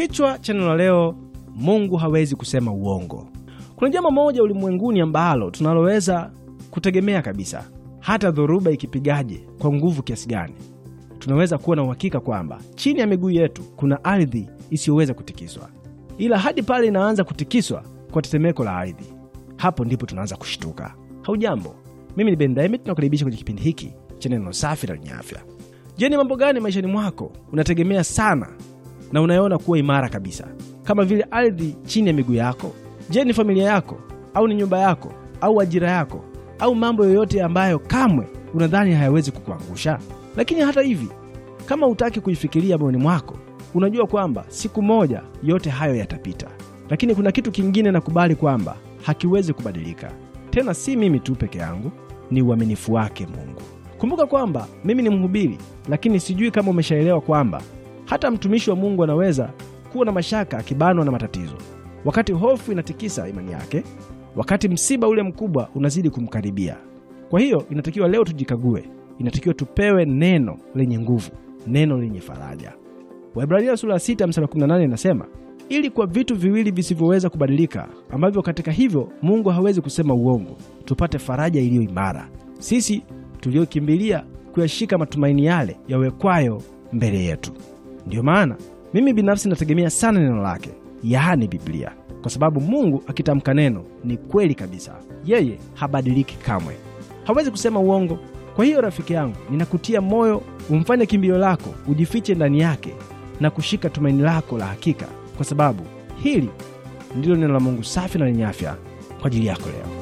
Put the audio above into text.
Kichwa cha neno la leo, Mungu hawezi kusema uongo. Kuna jambo moja ulimwenguni ambalo tunaloweza kutegemea kabisa, hata dhoruba ikipigaje kwa nguvu kiasi gani, tunaweza kuwa na uhakika kwamba chini ya miguu yetu kuna ardhi isiyoweza kutikiswa, ila hadi pale inaanza kutikiswa kwa tetemeko la ardhi, hapo ndipo tunaanza kushtuka. Haujambo, mimi ni bendamit Dynamite, kwenye kipindi hiki cha neno safi na lenye afya. Je, ni mambo gani maishani mwako unategemea sana na unayoona kuwa imara kabisa, kama vile ardhi chini ya miguu yako? Je, ni familia yako au ni nyumba yako au ajira yako au mambo yoyote ambayo kamwe unadhani hayawezi kukuangusha? Lakini hata hivi, kama hutaki kuifikiria moyoni mwako, unajua kwamba siku moja yote hayo yatapita. Lakini kuna kitu kingine nakubali kwamba hakiwezi kubadilika tena, si mimi tu peke yangu, ni uaminifu wake Mungu. Kumbuka kwamba mimi ni mhubiri, lakini sijui kama umeshaelewa kwamba hata mtumishi wa Mungu anaweza kuwa na mashaka akibanwa na matatizo, wakati hofu inatikisa imani yake, wakati msiba ule mkubwa unazidi kumkaribia. Kwa hiyo inatakiwa leo tujikague, inatakiwa tupewe neno lenye nguvu, neno lenye faraja. Waebrania sura ya 6 mstari 18 inasema ili kwa vitu viwili visivyoweza kubadilika, ambavyo katika hivyo Mungu hawezi kusema uongo, tupate faraja iliyo imara, sisi tuliokimbilia kuyashika matumaini yale yawekwayo mbele yetu. Ndiyo maana mimi binafsi nategemea sana neno lake, yaani Biblia, kwa sababu Mungu akitamka neno ni kweli kabisa. Yeye habadiliki kamwe, hawezi kusema uongo. Kwa hiyo rafiki yangu, ninakutia moyo umfanye kimbilio lako, ujifiche ndani yake na kushika tumaini lako la hakika, kwa sababu hili ndilo neno la Mungu safi na lenye afya kwa ajili yako leo.